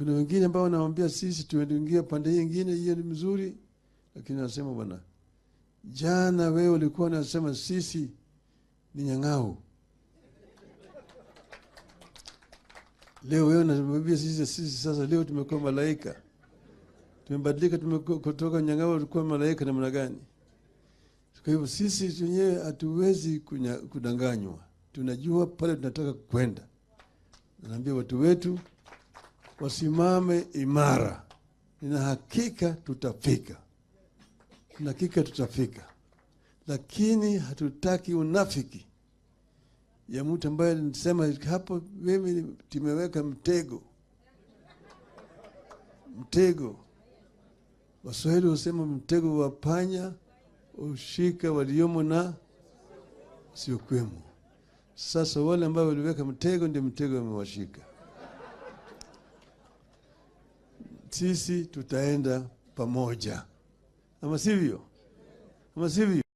Kuna wengine ambao wanawaambia sisi tuingie pande hii nyingine, hiyo ni mzuri, lakini nasema bwana, jana wewe ulikuwa unasema sisi ni nyang'au, leo wewe nawambia sisi, sisi sasa leo tumekuwa malaika, tumebadilika, tumekutoka nyang'au tulikuwa malaika namna gani? Kwa hivyo sisi wenyewe hatuwezi kudanganywa, tunajua pale tunataka kwenda. Naambia watu wetu wasimame imara. Nina hakika tutafika, nina hakika tutafika, lakini hatutaki unafiki ya mtu ambaye nisema hapo, mimi tumeweka mtego, mtego. Waswahili wasema mtego wa panya ushika waliomo na siokwemo. Sasa wale ambao waliweka mtego, ndio mtego amewashika. sisi tutaenda pamoja, ama sivyo? Ama sivyo?